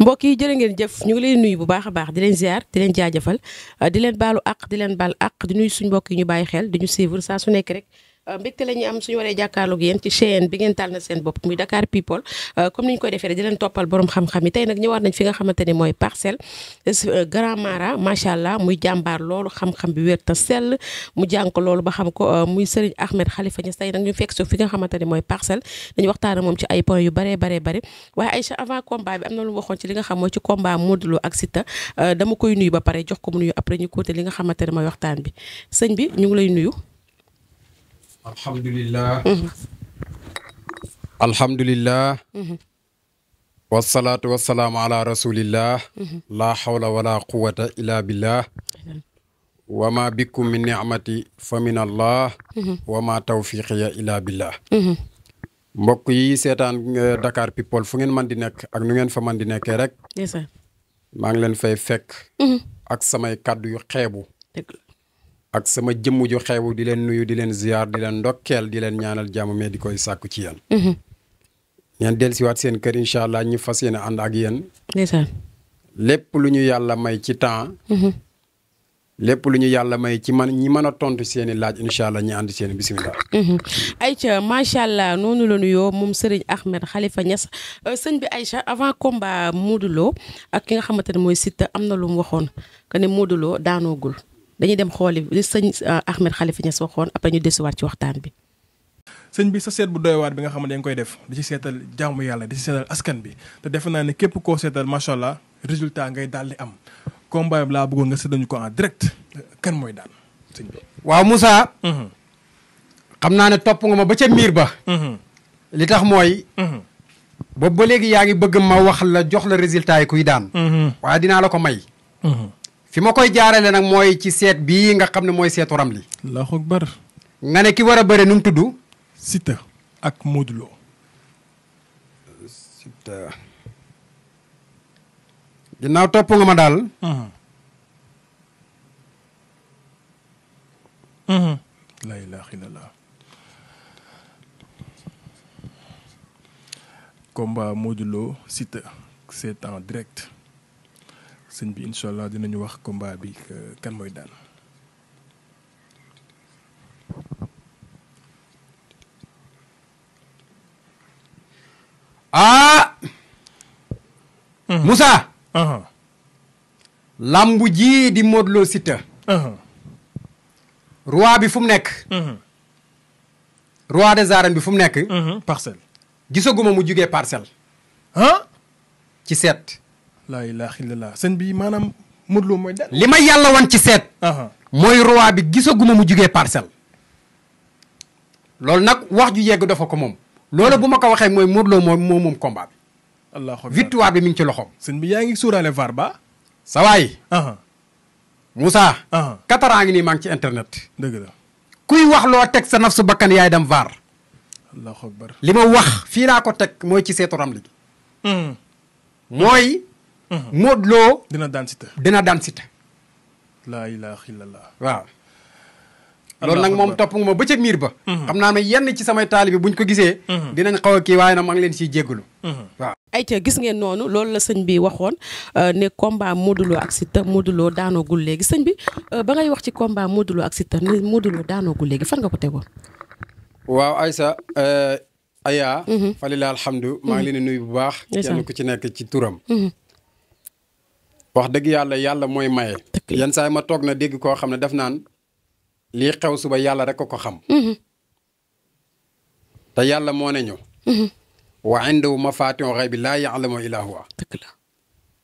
mbokk yi jërë ngeen jëf ñu ngi leen nuyu bu baax a baax di leen ziar di leen jaajafal di leen baalu ak di leen baal ak di nuyu suñu mbokk yi ñu bàyyi xel di ñu suivre saa su nekk rek Euh, mbégte la ñuy am suñu waree jàkkaarloog yéen ci chaîne bi ngeen tànn seen bopp muy Dakar People euh, comme ni ñu koy defee toppal borom xam-xam yi tey nag ñëwaat nañ ne mooy parcelle euh, grand mara macha allah muy jàmbaar loolu xam-xam bi te sell mu jàng loolu ba xam ko muy Serigne Ahmed Khalifa Niass tey nag ñu fekk fi nga xamante ne mooy parcelle dañu waxtaan moom ci ay yu baree baree bari waaye Aïcha avant combat bi li nga xam mooy ci combat Modou Lo ak Siteu koy nuyu ba pare jox ko après ñu kóote li nga xamante ne mooy waxtaan bi sëñ bi ñu ngi lay nuyu alhamdulilah. Mm-hmm. alhamdulilah. Mm-hmm. wasalaatu wasalaam ala rasulillah. xawla mm-hmm. wala quwata illa billah. wa ma min nicmati fa min allah. wa tawfiqiya illa billah. mbokk yi seetaan eh, Dakar People fu ngeen man di nekk ak nu fa man di nekkee rek. maa ngi leen fay fekk. ak samay kàddu yu xeebu. ak sama jëmm ju xewu di leen nuyu di leen ziar di leen ndokkeel di leen ñaanal jàmm mais di koy sàkku ci yéen. ñeen mm-hmm. dellusiwaat seen kër incha allah ñu fas yéene ànd ak yéen. lépp lu ñu yàlla may ci temps. Mm-hmm. lépp lu ñu yàlla may ci man ñi mën tontu seeni i laaj incha allah ñu ànd seen i bisimilah. Mm-hmm. Aïcha macha allah noonu la nuyoo moom Serigne Ahmed Khalifa Niass euh, sëñ bi Aïcha avant combat Modou Lo ak ki nga xamante ni mooy Siteu am na lu mu waxoon que ne Modou dañuy dem xooli li sëñ euh, Ahmed Khalifa Niass xoon après ñu desuwaat ci waxtaan bi. sëñ bi sa seet bu doy bi nga xam ne dañ koy def di ci seetal jàmm yàlla di ci seetal askan bi te defe naa ne képp koo seetal macha allah résultat ngay daal di am combat laa bëggoon nga seetluñu ko en direct kan mooy daal waaw Moussa. Mhm. xam naa ne topp nga ma ba ca miir ba. Mhm. li tax mooy. Mhm. boobu ba léegi yaa ngi bëgg ma wax la jox la résultat yi kuy daan. waaye dinaa la ko may. fi ma koy jaarale nag mooy ci seet bii nga xam ne mooy seetu Ramli. allahu akbar. nga ne ki war a bari nu mu tudd. Siteu ak Modou Lo. topp nga ma daal. Uh-huh. Uh-huh. la ilaha illallah. combat Modou Lo Siteu c'est en direct. sëñ bi incha allah dinañu wax combat bi kan mooy daan. ah. Moussa. lambu di Modou roi bi fu mu nekk. roi des arènes bi fu mu nekk. parcelle. gisaguma mu jugee parcelle. ah. ci seet. laa ilaaha illallaah sëñ bi maanaam Modou Lo mooy. li ma yàlla wan ci seet. mooy roi bi gisaguma mu jugee parcelle. loolu nag wax ju yegg dafa ko moom. loolu bu ma ko waxee mooy Modou Lo moom moom moom combat bi. allahu victoire bi mi ngi ci loxoom. sëñ bi yaa ngi suuraale VAR ba. sa waay. Moussa. quatre ans ngi nii maa ci internet. dëgg kuy wax loo teg sa naf su bakkan yaay dam VAR. allahu li ma wax fii laa ko teg mooy ci seetu Ramli gi. Hmm. mooy Mm-hmm. Modou Lo. dina daan Siteu dina daan Siteu. laa ilaaha illallaah waaw. loolu nag moom topp nga ma ba ca miir ba. Mm-hmm. xam naa ne yenn ci samay taalibe buñ ko gisee. Mm-hmm. dinañ xaw kii waaye na maa ngi leen siy jéggalu. waaw. ayca gis ngeen noonu loolu la sëñ bi waxoon euh, ne combat Modou Lo ak Siteu Modou Lo daanoogul léegi sëñ bi euh, ba ngay wax ci combat Modou Lo ak Siteu ne Modou Lo daanoogul léegi fan nga ko tegoon. waaw Aïssa euh, Aya. falilaa alhamdu maa ngi leen di bu baax. kenn ku ci nekk ci turam. wax dëgg yàlla yàlla mooy maye. yenn saa ma toog na dégg koo xam ne def naan lii xew suba yàlla rek a ko xam. Mm-hmm. te yàlla moo ne ñu. Mm-hmm. wa indahu mafatihul ghaybi laa ya'lamu illaa huwa. dëgg la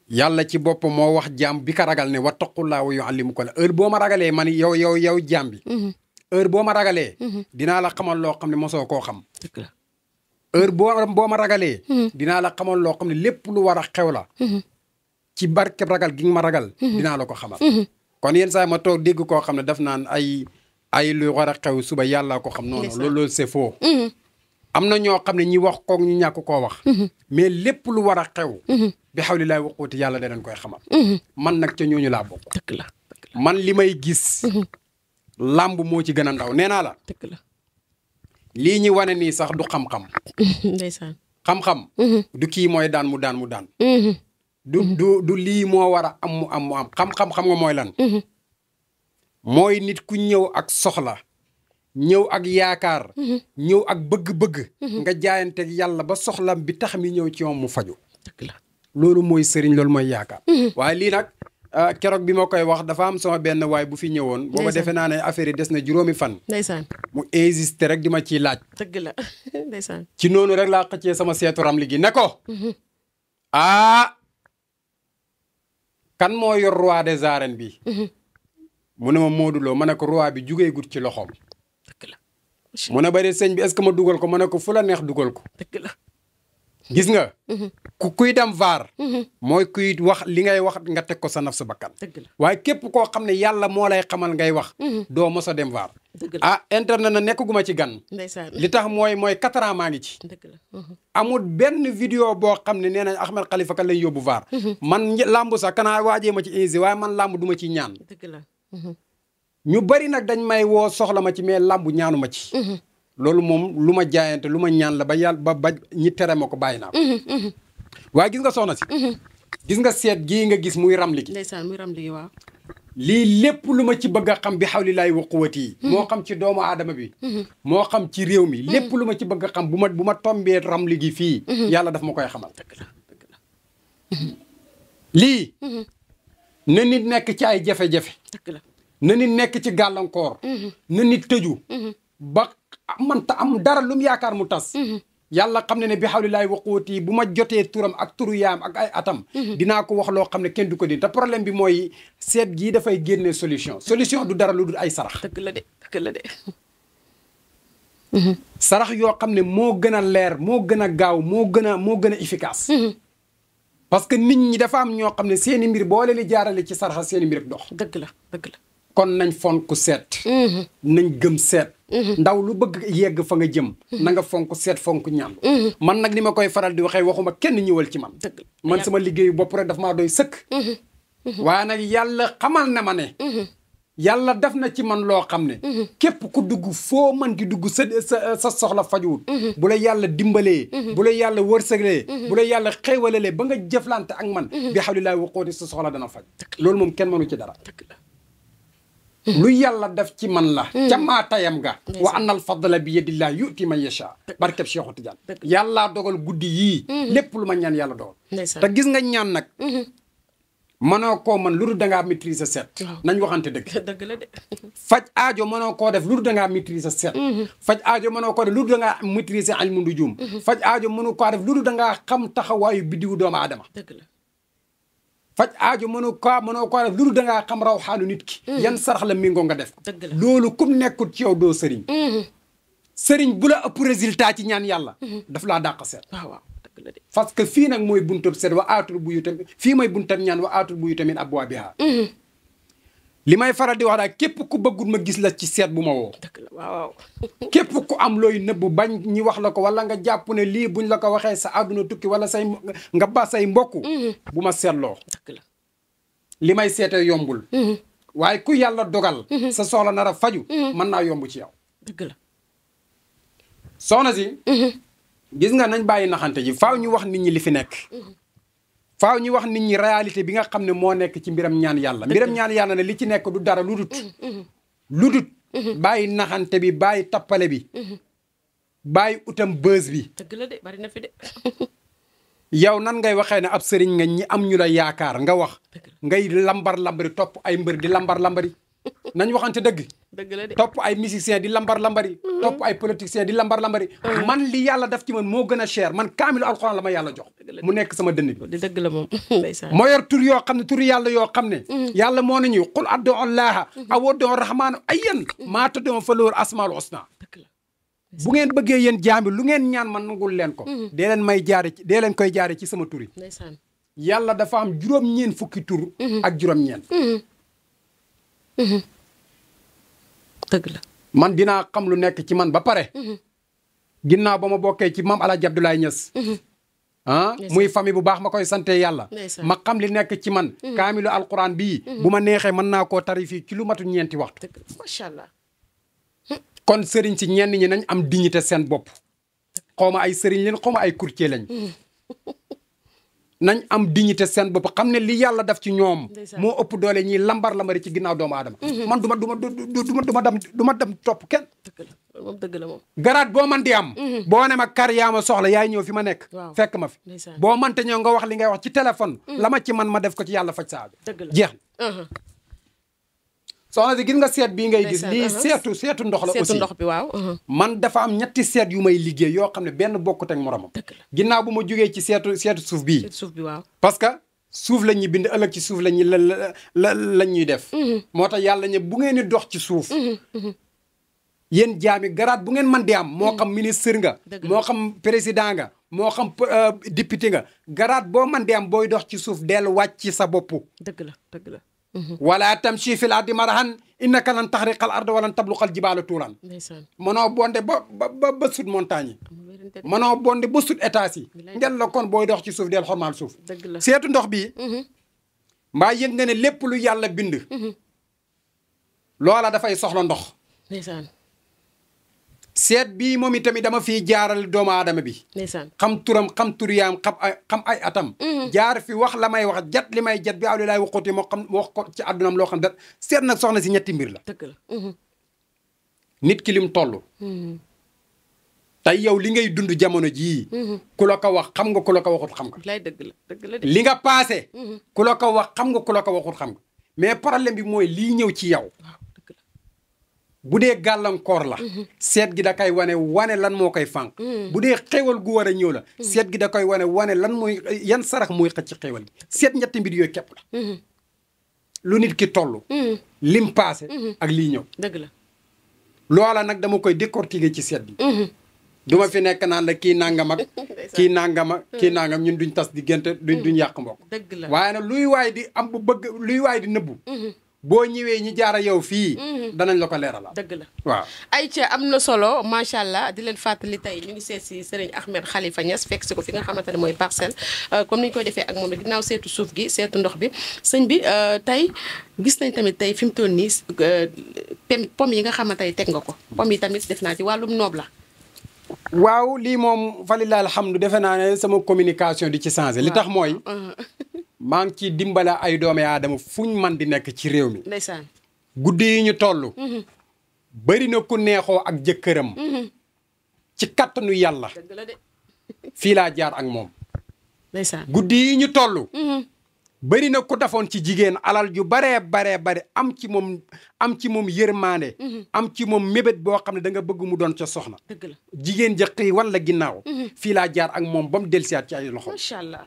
yàlla ci boppam moo wax jaam bi ko ragal ne wa wattaqullaaha wa yu'allimuka la heure boo ma ragalee man yow yow yow jaam bi. Mm-hmm. heure boo ma ragalee. dinaa la xamal loo xam ne mosoo koo xam. dëgg boo ma ragalee. dinaa la xamal loo xam ne lépp lu war a xew la. ci barkeb ragal gi nga ma ragal. Mhm. dinaa la ko xamal. Mhm. kon yen saa ma toog dégg koo xam ne daf naan ay ay lu war a xew suba yàllaa ko xam. noonu loolu loolu c'est faux. Mhm. am na ñoo xam ne ñi wax koog ñu ñàkk koo wax. mais lépp lu war a xew. bi xawlilaay waxuuti yàlla de danañ koy xamal. man nag ca ñooñu laa bokk. dëgg la man li may gis. làmb moo ci gën a ndaw nee naa la. dëgg la lii wane nii sax du xam-xam. xam-xam. du kii mooy daan mu daan mu daan. du mhm. du du lii moo war a am mu am mu am xam-xam xam nga mooy lan. Mhm. mooy nit ku ñëw ak soxla. ñëw ak yaakaar. Mhm. ñëw ak bëgg-bëgg. nga jaayante yàlla ba soxla bi tax mi ñëw ci moom mu faju loolu mooy sëriñ loolu mooy yaakaar. waaye lii nag ah, keroog bi ma koy wax dafa am sama benn waay bu fi ñëwoon. booba defee naa ne affaire yi des na juróomi fan. ndeysaan mu insister rek di ma ciy laaj. dëgg la ndeysaan. ci noonu rek laa xëccee sama seetu ramli gi ne ah, kan moo yor roi des arènes bi mhm. mu ne ma Modou Lo ma ne ko roi bi jugee gut ci loxoom. dëgg la. mu ne bëri sëñ bi est-ce ma dugal ko ma ne ko fu neex dugal ko. dëgg la. gis nga. Mhm. ku kuy dem vaar. Mhm. mooy kuy wax li ngay wax nga teg ko sa naf sa bakkan. dëgg la waaye képp koo xam ne yàlla moo lay xamal ngay wax. doo mos a dem vaar. ah internet na nekkaguma ci gan. li tax mooy mooy quatre ans maa ngi ci. Mhm. amul benn vidéo boo xam ne nee nañ Ahmed Khalifa kan lay yóbbu vaar. Mhm. man làmb sax kanaa waajee ma ci insi waaye man làmb du ma ciy ñaan. Mhm. ñu bari nag dañ may woo soxla ma ci mais làmb ñaanu ma ci. loolu moom lu ma jaayante lu ma ñaan la ba ba ba ñi tere ma ko bàyyi naa ko. waaye gis nga soxna si. gis nga seet gii nga gis muy ramli gi. ndeysaan muy ramli gi lii lépp lu ma ci bëgg a xam bi xawlilaay wa quwati hmm. moo xam ci doomu aadama bi hmm. moo xam ci réew mi hmm. lépp lu ma ci bëgg a xam bu ma bu ma tombee ram gi fii yàlla daf ma koy xamal lii na nit nekk ci ay jafe-jafe na nekk ci gàllankoor na tëju ba manta am dara lu yaakaar mu tas yàlla xam ne ne bi xawlilaay waquuti bu ma jotee turam ak turu yaam ak ay atam mhm. dinaa ko wax loo xam ne kenn du ko di te problème bi mooy seet gi dafay génn solution solution du dara lu dul ay sarax dëgg la de mhm. yoo xam ne moo gën a leer moo gën a gaaw moo gën a moo gën a efficace mhm. parce que nit ñi dafa ñoo xam ne seen i mbir boo leen jaarale ci sarax seen i mbir dox dëgg la kon nañ fonk seet mm-hmm. nañ gëm seet mm-hmm. ndaw lu bëgg yegg fa nga jëm mm-hmm. na nga fonk seet fonk ñaan man nag ni ma koy faral di waxee waxuma kenn ñëwal ci man man sama liggéey bopp rek daf maa doy sëkk waaye nag yàlla xamal na ma ne yàlla def na ci man loo xam ne képp ku dugg foo man di dugg sa sa sa soxla fajuwut bu la yàlla dimbalee bu la yàlla wërsëgalee bu la yàlla xéewalalee ba nga jëflante ak man bi xawlilaahi wa quwwati sa soxla dana faj loolu moom kenn mënu ci dara lu yàlla def ci man la mm. ca maa tayam ga wa annal fadla bi yadillah yuti man yasha barkeb Cheikhu Tidiane yàllaa dogal guddi yii mm-hmm. lépp lu ma ñaan yàlla dogal te gis nga ñaan nag mënoo mm-hmm. koo man lu dul dangaa maîtriser seet nañ waxante dëgg dëgg la de faj aajo mënoo koo def lu dul dangaa maîtriser seet mm-hmm. faj aajo mënoo koo def lu dul dangaa maîtriser ilmu nujum faj aajo mënoo koo def lu dul dangaa xam taxawaayu biddiwu doomu aadama dëgg la faj aajo mënu ko mënoo ko def loolu da ngaa xam raw xaanu nit ki. Mm. yan sarax la méngoo nga def. loolu kum nekkul ci yow doo sëriñ. Mm-hmm. sëriñ bu la ëpp résultat ci ñaan yàlla. Mm-hmm. daf laa dàq seet. waaw ah, waaw dëgg la de. parce que fii nag mooy buntab seet wa aatul buyu tamit fii moy buntab ñaan wa aatul buyu tamit ab waa biha mm-hmm. li may faral di wax daal képp ku bëggul ma gis la ci seet bu ma woo. képp ku am looy nëbbu ba ñi wax la ko wala nga jàpp ne lii buñ la ko waxee sa àdduna tukki wala say ba say mbokk. Mm-hmm. bu ma seetloo. li may seetee yombul. Mm-hmm. waaye ku yàlla dogal. Mm-hmm. sa soxla nar a faju. mën naa yomb ci yow. dëgg la soxna si. gis nga nañ bàyyi naxante ji faaw ñu wax nit ñi li fi nekk. faaw ñu wax nit ñi réalité bi nga xam ne moo nekk ci mbiram ñaan yàlla mbiram ñaan yàlla ne li ci nekk du dara lu dut mm-hmm. Mm-hmm. lu dut mm-hmm. bàyyi naxante bi bàyyi tappale bi bàyyi utam bës bi dëgg bari na fi nan ngay waxee ne ab sëriñ nga ñi am ñu la yaakaar nga wax ngay lambar lambari topp ay mbër di lambar lambari nañ waxante dëgg. dëgg la de topp ay musiciens di lambar lambari. Mm-hmm. topp ay politiciens di lambar lambari. Mm-hmm. man li yàlla daf ci man moo gën a cher man kaamilu alxuraan la ma yàlla jox. mu nekk sama dënn bi. moo yor tur yoo xam ne tur yàlla yoo xam ne. Mm-hmm. yàlla moo nañu qul addu allaha aw addu rahmaanu ayyan maa tad'u fa lahu asmaul husna bu ngeen bëggee yéen jaami lu ngeen ñaan man nangul leen ko. dee leen may jaare ci dee leen koy jaare ci sama tur yi. yàlla am juróom-ñeent fukki tur. ak Mm-hmm. dëgg la man dinaa xam lu nekk ci man ba pare. Mm-hmm. ginnaaw ba ma bokkee ci maam El Hadj Abdoulaye Niass. Mm-hmm. ah muy famille bu baax ma koy sante yàlla. ma xam li nekk ci man. kaamilu alquran bii. bu ma neexee mën naa koo tarif yi ci lu matu ñeenti waxtu. macha allah. kon sëriñ si ñenn ñi nañ am dignité seen bopp. xaw ma ay sëriñ leen xaw ay courtier lañ. nañ am dignité seen bopp xam ne li yàlla def ci ñoom moo ëpp doole ñiy lambar lambari ci ginnaaw doomu aadama mhm. man du ma du ma du ma dem du ma dem topp kenn moom dëgg la moom garaat boo man di am mhm. boo ne ma kar yaa ma soxla yaay ñëw fi ma nekk fekk ma fi boo man mante ñëw nga wax li nga wax ci téléphone mhm. la ma ci man ma def ko ci yàlla faj saa jeex soxna si gis nga seet bii ngay gis uh-huh. seetu seetu ndox la aussi ndox bi waaw uh-huh. man dafa am ñetti seet yu may liggéey yoo xam ne benn bokkut ak moromam ginnaaw bu ma jógee ci seetu seetu suuf bii suuf bi waaw parce que suuf la ñuy bind ëllëg ci suuf la ñuy la la la ñuy def uh-huh. moo tax yàlla ne bu ngeen di dox ci suuf yéen jaami garaat bu ngeen mën di am moo xam ministre nga moo xam président nga moo xam euh, député nga garaat boo mën di am booy dox ci suuf dellu wàcc ci sa boppu dëgg la dëgg la Mm-hmm. wala tamshi fil ardi marahan innaka lan taxriqal arda walan tabluqal jibaala tuulan mënoo bonde ba ba ba sut montagne yi bonde ba sut étage yi kon booy dox ci suuf del xormaal suuf seetu ndox bi mm-hmm. mbaa yëg nga lu yàlla bind mm-hmm. loola dafay soxla ndox seet bii moom itamit dama fiy jaaral doomu aadama bi. xam turam xam turiyaam xam ay xam ay atam. Mm-hmm. jaar fi wax la may wax jat li may jat bi aw li laay waxuti moo xam wax ko ci àddunaam loo xam dat seet nag soxna si ñetti mbir la. dëgg mm-hmm. nit ki lim toll. Mm-hmm. tey yow li ngay dund jamono jii. ku la ko wax xam nga ku la ko waxut xam nga. dëgg la dëgg li nga passé. ku la ko wax xam nga ku la ko waxut xam nga mais paral bi mooy lii ñëw ci yow. bu dee gàllankoor la mhm. seet gi da koy wane wane lan moo koy fànq mhm. bu dee xéewal gu war a ñëw la mhm. seet gi da koy wane wane lan mooy yan sarax mooy xëcc ci xéewal gi seet ñetti mbir yooyu képp la lu nit ki toll lim ak lii ñëw dëgg la loola nag dama koy décortiquer ci seet bi du fi nekk naan la kii nangam ak kii nangam ak ñun duñ tas diggante duñ duñ yàq mbokk dëgg waaye nag luy waay di am bu bëgg luy waay di nëbbu boo ñëwee ñi jaara yow fii. Mhm. danañ la ko leeralal. dëgg la waaw. ay ayca am na solo macha allah di leen fàttali tey ñu ngi seet si Serigne Ahmed Khalifa Niass fekk si ko fi nga xamante ne mooy parcelle euh, comme ni ñu koy defee moom la ginnaaw seetu gi seetu ndox bi sëñ bi euh, tey gis nañ tamit tey fi mu toll nii euh, pom yi nga xamante ne teg nga ko pom yi tamit def naa ci wàllum noob la. waaw lii moom falilaa alhamdu defe naa ne sama communication di ci changé li tax mooy. Uh-huh. maa ngi ciy dimbale ay doomi aadama fuñ man di nekk ci réew mi. ndeysaan guddi yi ñu toll. Mhm. bari na ku neexoo ak jëkkëram. Mhm. ci kattanu yàlla. fii laa jaar ak moom. ndeysaan guddi yi ñu toll. Mhm. bari na ku defoon ci jigéen alal yu baree baree bare am ci moom am ci moom yërmaande. am ci moom mébét boo xam ne da nga bëgg mu doon ca soxna. dëgg jigéen ja xëy walla ginnaaw. fii laa jaar ak moom ba mu dellusiwaat ci ay loxo. macha allah.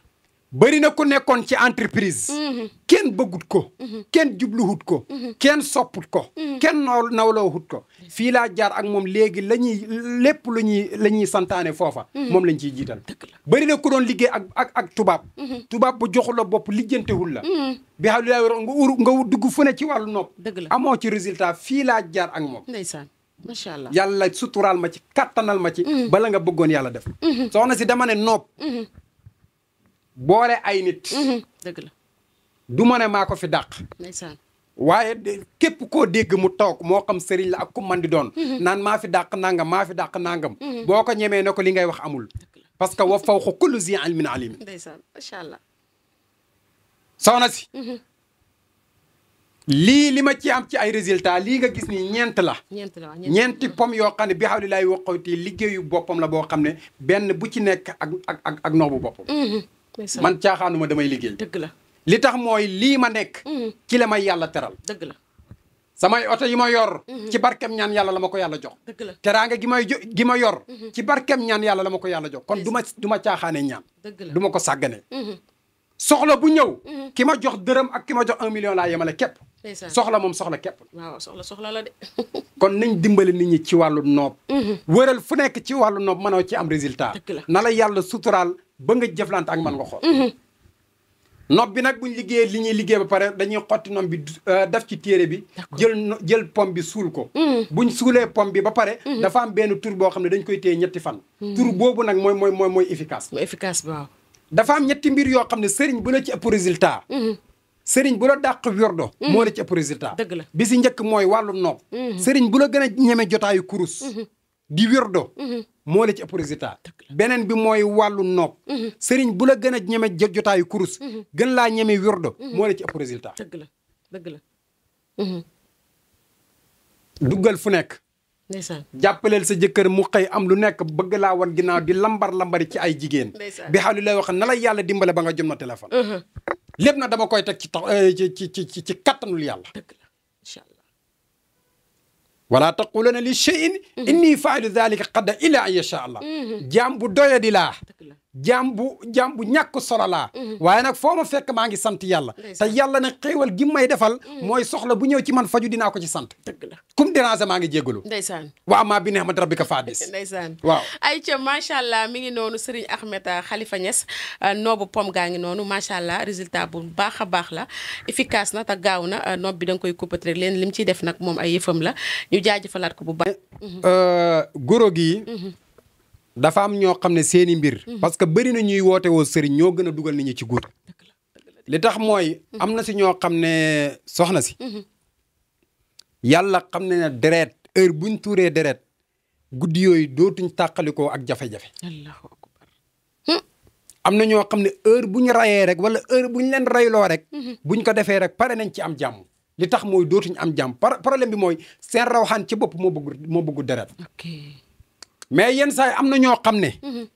bëri na ku nekkoon ci entreprise. Mm-hmm. kenn bëggut ko. Mm-hmm. kenn jubluwut ko. Mm-hmm. kenn sopput ko. kenn naw nawlawut ko. fii laa jaar ak moom léegi la ñuy lépp lu ñuy la ñuy santaane foofa. moom lañ ciy jiital. bëri na ku doon liggéey ak ak tubaab. tubaab bu joxu la bopp lijjantewul la. bi xam ne nga ur nga dugg fu ne ci wàllu nopp. dëgg amoo ci résultat fii laa jaar ak moom. ndeysaan. macha allah yàlla suturaal ma ci kattanal ma ci. bala nga bëggoon yàlla def. soxna si dama ne nopp. boole ay nit. Mhm. dëgg la du ma ne maa ko fi dàq. waaye de képp koo dégg mu toog moo xam sëriñ la ak ku man di doon. Mhm. naan maa fi dàq nangam maa fi dàq nangam. Mhm. boo ko ñemee ne ko li ngay wax amul. parce que wa fawqa kulli zi ilmin alim. ndeysaan macha allah. soxna si. lii li ma ci am ci ay résultat lii nga gis ni ñeent la. ñeent la ñeenti pom yoo xam ne bi xawli laay waxati liggéeyu boppam la boo xam ne benn bu ci nekk ak ak ak noobu boppam. man caaxaanuma damay liggéey. dëgg la li tax mooy lii ma nekk. ki mm. la may yàlla teral. dëgg la samay oto yi ma yor. Mm-hmm. ci barkeem ñaan yàlla la ma ko yàlla jox. dëgg gi may jo ma yor. Mm-hmm. ci barkeem ñaan yàlla la ma ko yàlla jox kon du ma du ma caaxaane ñaan. dëgg la du ma ko sàggane. Mm-hmm. soxla bu ñëw. ki ma jox dërëm ak ki ma jox un million laa yemale képp. soxla moom soxla képp. waaw soxla soxla la de. kon nañ dimbali nit ñi ci wàllu noob. wëral fu nekk ci wàllu noob mënoo ci am résultat. na la yàlla suturaal. ba nga jëflante ak man nga xool. Mm-hmm. nopp bi nag bu ñu liggéeyee li ñuy liggéey ba pare dañuy xotti nopp bi euh, def ci téere bi. jël jël pomme bi suul ko. Mm-hmm. bu ñu suulee pomme bi ba pare. Mm-hmm. dafa am benn tur boo xam ne dañ koy téye ñetti fan. tur boobu nag mooy mooy mooy mooy efficace. mooy efficace waaw. dafa am ñetti mbir yoo xam ne sëriñ bu la ci ëpp résultat. sëriñ bu la dàq wérdo moo la ci ëpp résultat. dëgg bi si njëkk mooy wàllu nopp. sëriñ bu la gën a ñeme jotaayu kurus. di wirdo mhm. moo la ci ëpp résultat beneen bi mooy wàllu nopp mhm. sëriñ bu la gën a ñeme jotaayu kurus mhm. gën laa ñeme wirdo moo la ci ëpp résultat dëgg la dëgg la fu nekk jàppaleel sa jëkkër mu xëy am lu nekk bëgg laa wan ginnaaw di lambar lambari ci ay jigéen bi xam li lay wax na la yàlla dimbale ba nga jot ma téléphone lépp na dama koy teg ci tax eh, ci ci ci ci kattanul yàlla wala taqulanna li shay'in mm-hmm. inni faa'ilu dhalika qada ila an yasha allah mm-hmm. jaam bu doyadi laa jaam bu jaam bu ñàkk solo laa mm-hmm. waaye nag foo ma fekk maa ngi sant yàlla te yàlla na xéewal gi may defal mm-hmm. mooy soxla bu ñëw ci man faju dinaa ko ci sant dëgg la kum déranger maa ngi jégalu ndeysaan waaw maa bi neex ma rabbika faadis ndeysaan waaw ay allah mi ngi noonu Serigne Ahmed euh, Khalifa Niass euh, noobu pom gaa ngi noonu macha allah résultat bu baax a baax la efficace na te gaaw na euh, noob bi danga koy coupé rek leen lim ciy def nag moom a yëfam la ñu jaajëfalaat ko bu baax góoro gi mm-hmm. dafa am ñoo xam ne seeni mbir. Mhm. parce que bari na ñuy woote woo sëriñ ñoo gën a dugal nañu ci guut. li tax mooy. Mhm. am na si ñoo xam ne soxna si. Mhm. yàlla xam na ne deret heure buñ tuuree deret guddi yooyu dootuñ tàqalikoo ak jafe-jafe. Hmm. am na ñoo xam ne heure bu ñu rayee rek wala heure bu ñu leen rayloo rek. buñ ko defee rek pare nañ ci am jàmm. li tax mooy dootuñ am jàmm par problème bi mooy seen raw rawxaan ci bopp moo bëgg moo bëgg deret. mais yenn saa yi am na ñoo xam ne. Mhm.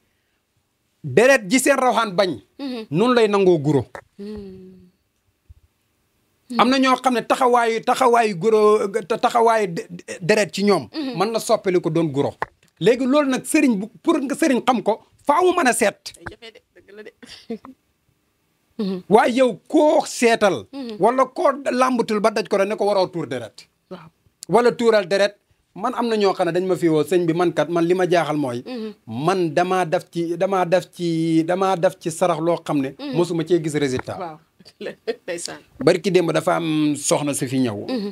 deret ji seen rawxaan bañ. Mhm. noonu lay nangoo guro. Mhm. am na ñoo xam ne taxawaayu taxawaayu guro taxawaayu deret ci ñoom. mën na soppali ko doon guro. léegi loolu nag sëriñ bu pour nga sëriñ xam ko faaw mën a seet. waaye yow koo seetal. wala koo làmbatul ba daj ko rek ne ko waroo tuur deret. wala tuural deret man am na ñoo xam ne dañ ma fi woo sëñ bi man kat man li ma jaaxal mooy. Mhm. man damaa def ci damaa def ci damaa def ci sarax loo xam ne. Mhm. mosuma cee gis résultat. waaw ndeysaan. barki démb dafa am soxna si fi ñëw. Mhm.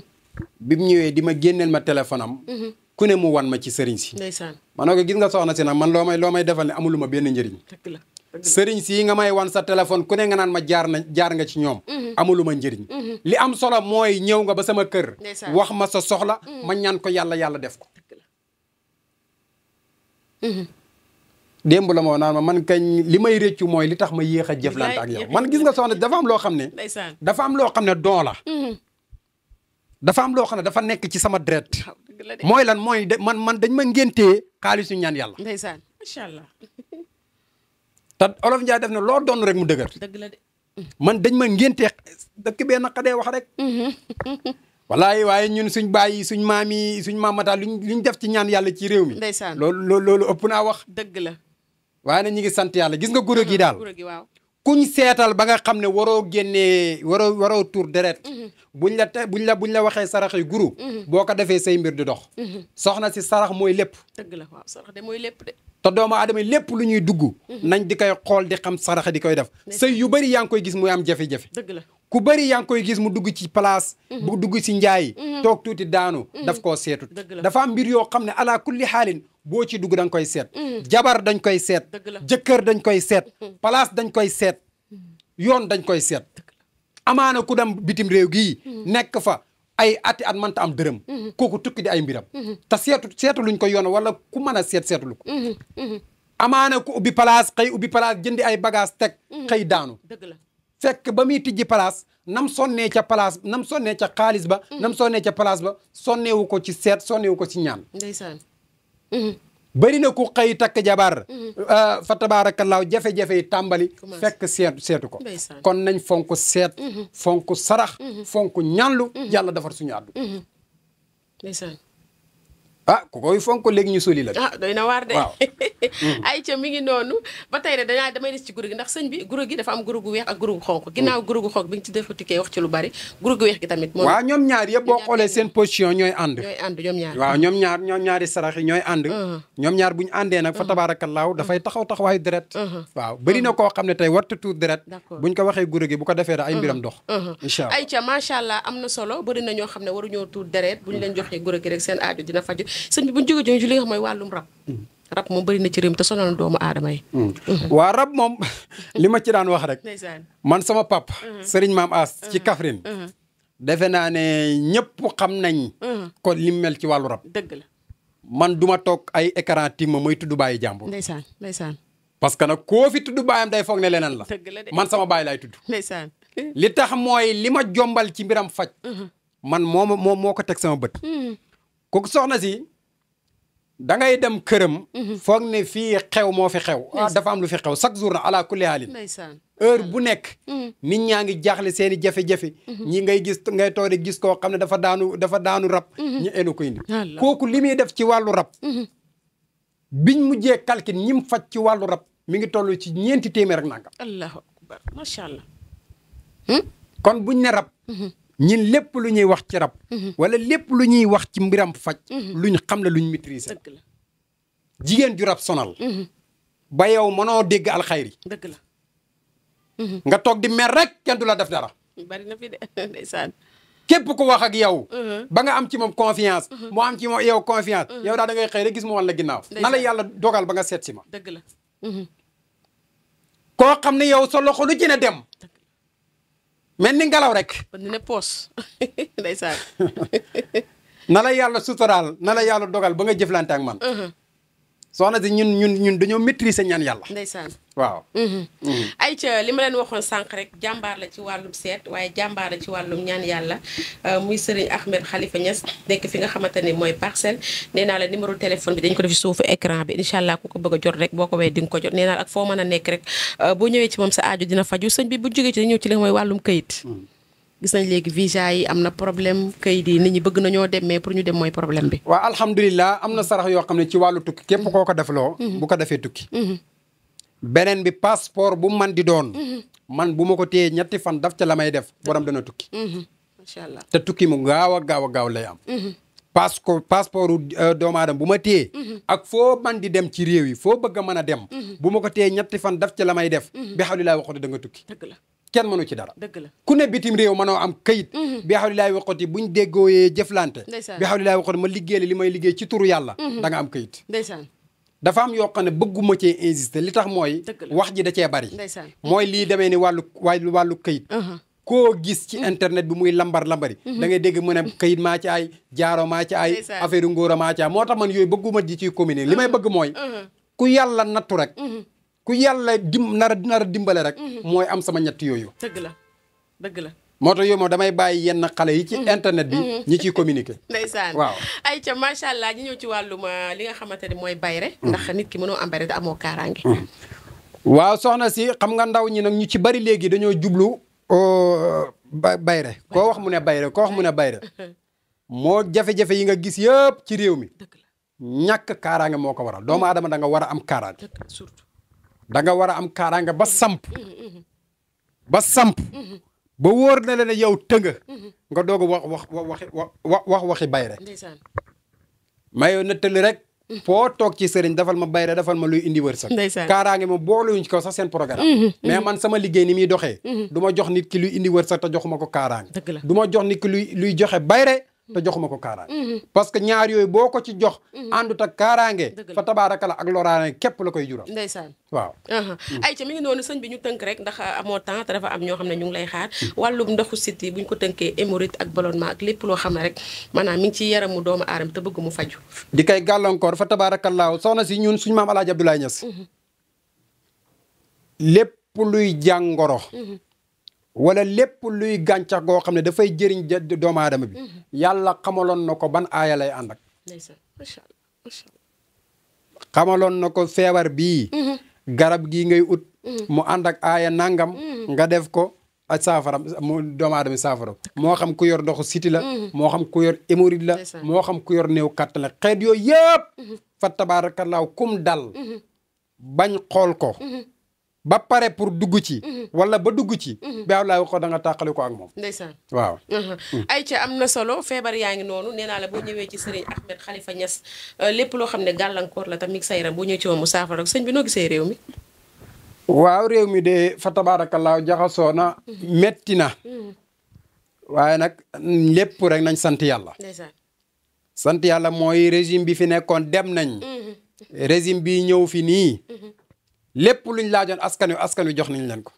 bi mu ñëwee di ma génneel ma téléphone am. ku ne mu wan ma ci sëriñ si. ndeysaan man ko gis nga soxna si nag man loo may loo may defal ne amulu ma benn njëriñ. sëriñ si yi nga may wan sa téléphone ku ne nga naan ma jaar na jaar nga ci ñoom. Mhm. ma njariñ mhm. li am solo mooy ñëw nga ba sama kër. wax ma sa soxla. Mhm. ma ñaan ko yàlla yàlla def ko. démb la moo naan ma man kañ li may rëccu mooy li tax ma yéex a jëflante ak yow man gis nga soxna dafa am loo xam ne. dafa am loo xam ne don dafa am loo xam ne dafa nekk ci sama deret. mooy lan mooy man man dañ ma ngéntee xaalisu ñaan yàlla. ndeysaan macha allah. te olof Ndiaye def na loo doon rek mu dëgër. dëgg la man dañ ma ngénte dëkk bee naqadee wax rek. walaay waaye ñun suñ bàyyi suñ maam yi suñ maamata luñ luñ def ci ñaan yàlla ci réew mi. ndeysaan loolu loolu ëpp naa wax. dëgg la. waaye nag ñu ngi sant yàlla gis nga guro gi daal. kuñ seetal ba nga xam ne waroo génnee waroo waroo tur deret mhm. buñ la te buñ la buñ la waxee sarax yu guru mhm. boo ko defee say mbir di dox mhm. soxna si sarax mooy lépp dëgg la waaw sarax mooy lépp te doomu aadama lépp lu ñuy dugg nañ di koy xool di xam sarax di koy def say yu bëri yaa ngi koy gis muy am jafe-jafe la ku bëri yaa ngi koy gis mu dugg ci palace bu dugg si njaay toog tuuti daanu daf koo seetut dafa am mbir yoo xam ne ala kulli xaalin boo ci dugg da koy seet. Mm. jabar dañ koy seet. jëkkër dañ koy seet. Mm-hmm. place dañ koy seet. Mm-hmm. yoon dañ koy seet. amaana ku dem bitim réew gii. Mm-hmm. nekk fa ay ati at mënta am dërëm. kooku tukki di ay mbiram. te seetu seetu luñ ko yoon wala ku mën a seet seetulu ko. amaana ku ubbi place xëy ubbi place jëndi ay bagage teg. xëy daanu. fekk ba muy tijji place nam sonnee ca place nam sonnee ca xaalis ba. nam sonnee ca place ba sonneewu ko ci seet sonneewu ko ci ñaan. ndeysaan. bëri na ku xëy takk jabar mhm. ah, fa tabaarakallaahu jafe-jafe yi tàmbali fekk seet seetu ko kon nañ fonk seet mhm. fonk sarax mhm. fonk ñanlu yàlla defar suñu àddu ah ku koy fonk léegi ñu soli la. Ah, damay des ci guro gi ndax sëñ bi guro gi dafa am guro mm. gu weex gi tamit. moom ñoom ñaar yëpp boo xoolee seen position ñooy ànd. ñoom ñaar waaw uh-huh. àndee nag fa uh-huh. tabaarakallaaw dafay uh-huh. taxaw taxawaayu deret. waaw bëri koo xam ne tey wartu tuur deret. bu ko waxee guro gi bu ko defee da ay mbiram dox. ay ca macha allah am na solo bëri ñoo xam ne waruñoo tuur deret bu leen joxee guro gi rek seen aajo dina faju sëñ bi bu ñu li mooy wàllum rab. Mm. rab moom bari na ci réew mi te sonal na doomu aadama yi. Mm. Mm-hmm. waa rab moom li ma ci daan wax rek. man sama pap mm-hmm. Serigne Maam As ci mm-hmm. Kaffrine. defe naa ne ñëpp xam nañ. kon li mel ci wàllu rab. dëgg man du ma toog ay écran tim ma mooy tudd bàyyi jàmbur. ndeysaan ndeysaan. parce que nag koo fi tudd bàyyam day foog ne leneen la. dëgg la man sama bàyyi lay tudd. ndeysaan. li tax mooy li ma jombal ci mbiram faj. man moo moo moo ko teg sama bët. kooku soxna si da ngay dem këram. Mhm. foog ne fii xew moo fi xew. Ah, dafa am lu fi xew chaque jour na ala kulli haalin. heure bu nekk. Mhm. nit ñaa ngi jaaxle seen i jafe-jafe. Mhm. ñi ngay gis ngay toog di gis koo xam ne dafa daanu dafa daanu rab. ñu ko indi. kooku li muy def ci wàllu rab. biñ mujjee calcul ñim mu faj ci wàllu rab mi ngi toll ci ñeenti téeméer ak nangam. allahu akbar macha allah. Hmm? kon buñ ne rab. ñin lépp lu ñuy wax ci rab. Mhm. wala lépp lu ñuy wax ci mbiram faj. Mhm. luñ xam la luñ maîtriser. dëgg la jigéen ju rab sonal. Mhm. ba yow mënoo dégg alxayri. dëgg la. nga toog di mer rek kenn du la def dara. bari na fi de ndeysaan. képp wax ak yow. ba nga am ci moom confiance. moo am ci moom yow confiance. yow daal da ngay xëy rek gis mu wan la ginnaaw. na la yàlla dogal ba nga set si ma. dëgg la. koo xam ne yow sa loxo lu ci ne dem. mel ni ngelaw rek. kon ne poos ndeysaan. na la yàlla suturaal na la yàlla dogal ba nga jëflante ak man. Uh-huh. soxna si ñun ñun ñun dañoo maîtriser ñaan yàlla. ndeysaan waaw. Mhm. Mhm. ay ca li ma leen waxoon sànq rek jàmbaar la ci wàllum seet waaye jàmbaar la ci wàllum ñaan yàlla euh, muy Serigne Ahmed Khalifa Niass nekk fi nga xamante ne mooy parcelle nee naa la numéro téléphone bi dañ ko def ci suufu écran bi incha allah ku ko bëgg a jot rek boo ko wee di nga ko jot nee la ak foo mën a nekk rek euh, boo ñëwee ci moom sa aajo dina faju sëñ bi bu jógee ci dañu ñëw ci li mooy wàllum kayit. Mhm. gis nañ léegi visa yi am na problème kayit yi nit ñi bëgg nañoo dem mais pour ñu dem mooy problème bi. waaw alhamdulilah am na sarax yoo xam ne ci wàllu tukki képp koo ko defloo. Mhm. bu ko defee tukki. Mhm. beneen bi passeport bu man di doon. Mhm. man bu ma ko téyee ñetti fan daf ca la may def borom dana tukki. macha allah te tukki mu gaaw gaaw a gaaw lay am. passeport passeport doomu aadama bu ma téye. ak foo man di dem ci réew yi foo bëgg mën a dem. bu ma ko téye ñetti fan daf ca la may def. bi laa waxoon da nga tukki. kenn mënu ci dara ku ne bitim réew mënoo am kayit mhm. bi xawlilaay waqati buñ déggooyee jëflante bi xawlilaay waqati ma liggéeyal li may liggéey ci turu yàlla mhm. da nga am kayit ndeysaan dafa am yoo ne bëgguma cee insister li tax mooy wax ji da cee bari mooy lii demee ni wàllu wàllu kayit mhm. ko gis ci internet bi muy lambar lambari da ngay dégg mu ne kayit maa ci ay jaaro maa ci ay affaire ngóor a maa ci ay moo tax man yooyu bëgguma di ci commune li may bëgg mooy ku yàlla nattu rek ku yàlla nara nar a dimbale rek. Mhm. mooy am sama ñett yooyu. dëgg la dëgg la. moo tax yow moom damay bàyyi yenn xale yi ci mhm. internet bi mhm. ñi ciy communiquer ndeysaan waaw ay ca macha allah ñu ñëw ci wàllum euh, li nga xamante ne mooy bayre ndax nit ki mënoo am bayre te amoo kaaraange waaw soxna si xam nga ndaw ñi nag ñu ci bari léegi dañoo jublu euh, bayre koo wax mu ne bayre koo wax mu ne bayre moo jafe-jafe yi nga gis yëpp ci réew mi ñàkk kaaraange moo ko waral doomu adama da nga war a am kaaraange surtout da nga war a am kaaraanga ba samp mm-hmm, mm-hmm. ba samp mm-hmm. ba wóor na ne yow tënga nga doog wax wax waxi wax waxi bay rek mayoo nettali rek foo toog ci sëriñ dafal ma bayre dafal ma luy indi wërsëg kaaraange ma booluyuñ ko sax seen programme mais man sama ni muy doxee du jox nit ki luy indi wërsëg te joxuma ko kaaraange du ma jox nit ki luy luy joxe bayre te joxuma ko kaaraange mm-hmm. parce que ñaar yooyu boo ko ci jox mm-hmm. àndut ak kaaraange fa tabaaraka la ak loraange képp la koy jural ndeysaan waaw uh-huh. mm. ay ca mi ngi noonu sëñ bi ñu tënk rek ndax amoo temps te a am ñoo xam ne ñu ngi lay xaar wàllum ndoxu siti bu ñu ko tënkee hémorroïde ak ballonnement ak lépp loo xam ne rek maanaam mi ngi ci doom doomu aadama te bëgg mu faju di koy gàllankoor fa tabaarakallaahu soxna si ñun suñu maam alaaji Abdoulaye Niass mm-hmm. lépp luy jàngoro wala lépp luy gàncax goo xam ne dafay jëriñ doomu aadama bi mhm. yàlla xamaloon na ko ban aaya lay ànd ak xamaloon na ko feebar bii mhm. garab gii ngay ut mhm. mu ànd ak aaya nangam nga def ko ak saafara mu doomu aadama saafara moo xam ku yor ndoxu siti la moo xam ku yor hémorroïde la moo xam ku yor néew kàttan la xeet yooyu yëpp fa tabaarakallaahu kum dal bañ xool ko ba pare pour dugg ci. Mhm. wala ba dugg ci. Mhm. bi Ablaye waxoon da nga tàqali ko ak moom. ndeysaan waaw. Mhm. Mm. ayca am na solo feebar yaa ngi noonu nee naa la boo ñëwee ci sëriñ Ahmed Khalifa Niass euh, lépp loo xam ne gàllankoor la tamit sa boo ñëwee ci moom mu saafara sëñ bi noo gisee réew mi. waaw réew mi de fa tabaarakallaa jaxasoo na. metti na. waaye nag lépp rek nañ sant yàlla. sant yàlla mooy régime bi fi nekkoon dem nañ. régime bi ñëw fi nii. lépp luñ laajoon askan wi askan wi jox nañ leen ko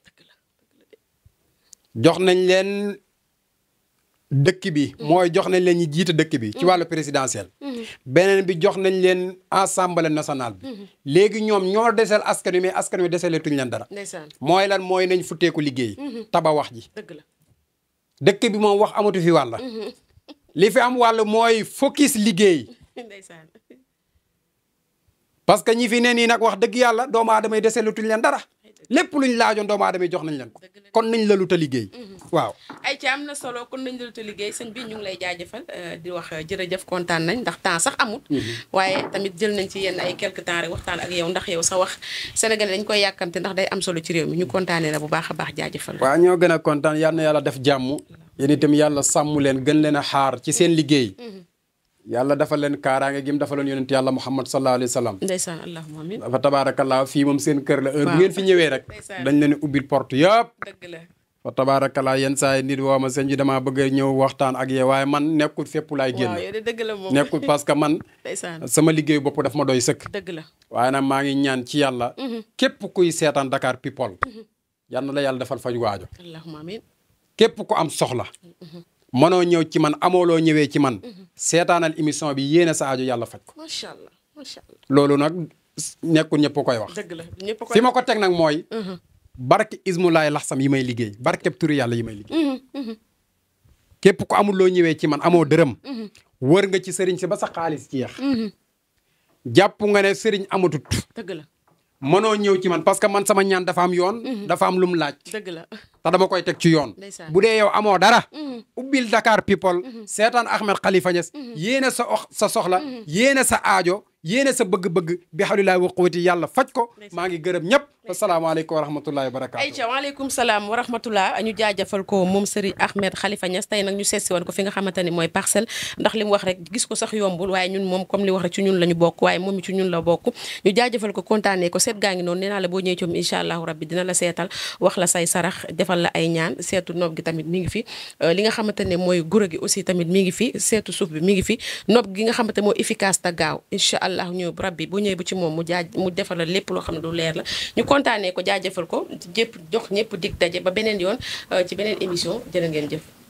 jox nañ leen dëkk bi mm-hmm. mooy jox nañ leen ñi jiite dëkk bi ci mm-hmm. wàllu présidentiel mm-hmm. beneen bi jox nañ leen assemblée nationale bi léegi ñoom ñoo deseel askan wi mais askan wi deseele tuñ leen dara mooy lan mooy nañ futteeku liggéey taba wax ji dëkk bi moom wax amatu fi wàll li fi am wàll mooy focus liggéey parce que ñi fi ne nii nag wax dëgg yàlla doomu aadama yi dese lutuñ leen dara lépp luñ laajoon doomu aadama yi jox nañ leen ko kon nañ la luta liggéey mm-hmm. waaw ay ci na solo kon nañ la luta liggéey sëñ bi ñu ngi lay jaajëfal euh, di wax euh, jërëjëf kontaan nañ ndax temps sax amut mm-hmm. waaye tamit jël nañ ci yenn ay quelque temps waxtaan ak yow ndax yow sa wax dañ koy yàkkamte ndax day am solo ci réew ñu kontaanee la bu baax a baax jaajëfal waaw ñoo gën a kontaan yal na yàlla def jàmm mm-hmm. yéen itam yàlla sàmmu leen gën leen a xaar ci seen liggéey yàlla dafa leen kaaraange gim dafa leen yonent yàlla muhammad sallallahu alayhi wa sallam ndeysaan allahumma amin dafa tabaarakallaa fii moom seen kër la heure bu ngeen fi ñëwee rek dañ leen ubbil porte yëpp dëgg la fa tabaarakallaa yenn saa yi nit woo ma sëñ bi damaa bëgg a ñëw waxtaan ak yow waaye man nekkul fépp laay génn nekkul parce que man sama liggéey bopp daf ma doy sëkk dëgg la waaye nag maa ngi ñaan ci yàlla mhm. képp kuy seetaan Dakar People mhm. yan na la yàlla defal faj waajo allahumma amin képp ku am soxla mhm. mënoo ñëw ci man amoo loo ñëwee ci man mhm. seetaanal émission bi yéene sa aajo yàlla faj ko. macha allah macha nag nekkul ñëpp koy wax. dëgg ñëpp koy ma ko teg nag mooy. Mhm. barke ismulaay laxsam yi may liggéey barkeb turi yàlla yi may liggéey. Mhm, képp ku amul loo ñëwee ci man amoo dërëm. wër nga ci sëriñ si ba sa xaalis jeex. jàpp nga ne sëriñ amatut. dëgg mënoo ñëw ci man parce que man sama ñaan dafa am yoon. Mhm. dafa am lum laaj. dëgg la te dama koy teg ci yoon. bu dee yow amoo dara. Mhm. ubbil Dakar people. Mhm. seetaan Ahmed Khalifa Niass. yéene sa sa soxla. yéene sa aajo. yéene sa bëgg-bëgg bi xawlilaahi wa quwwati yàlla faj ko maa ngi gërëm ñëpp asalaamaaleykum wa rahmatullahi wa barakaatu ayca waaleykum salaam wa rahmatullah ñu jaajëfal ko moom Serigne Ahmed Khalifa Niass tey nag ñu seet si woon ko fi nga xamante ni mooy parcelle ndax li mu wax rek gis ko sax yombul waaye ñun moom comme li wax rek ñun la ñu bokk waaye moom ci ñun la bokk ñu jaajëfal ko kontaanee ko seet gaa ngi noonu nee la boo ñëwee coom incha la seetal wax la say sarax defal ay ñaan seetu noob gi tamit mi ngi fi euh, li nga xamante ne mooy gura gi aussi tamit mi ngi fi seetu suuf bi mi ngi fi noob gi nga xamante mooy efficace ta gaaw incha allah ñu rabbi bu ñëwee bu ci moom mu jaaj mu defal la lépp loo xam ne lu leer la ñu kontaanee ko jaajëfal ko jëpp jox ñëpp dig daje ba beneen yoon euh, ci beneen émission jërë ngeen jëf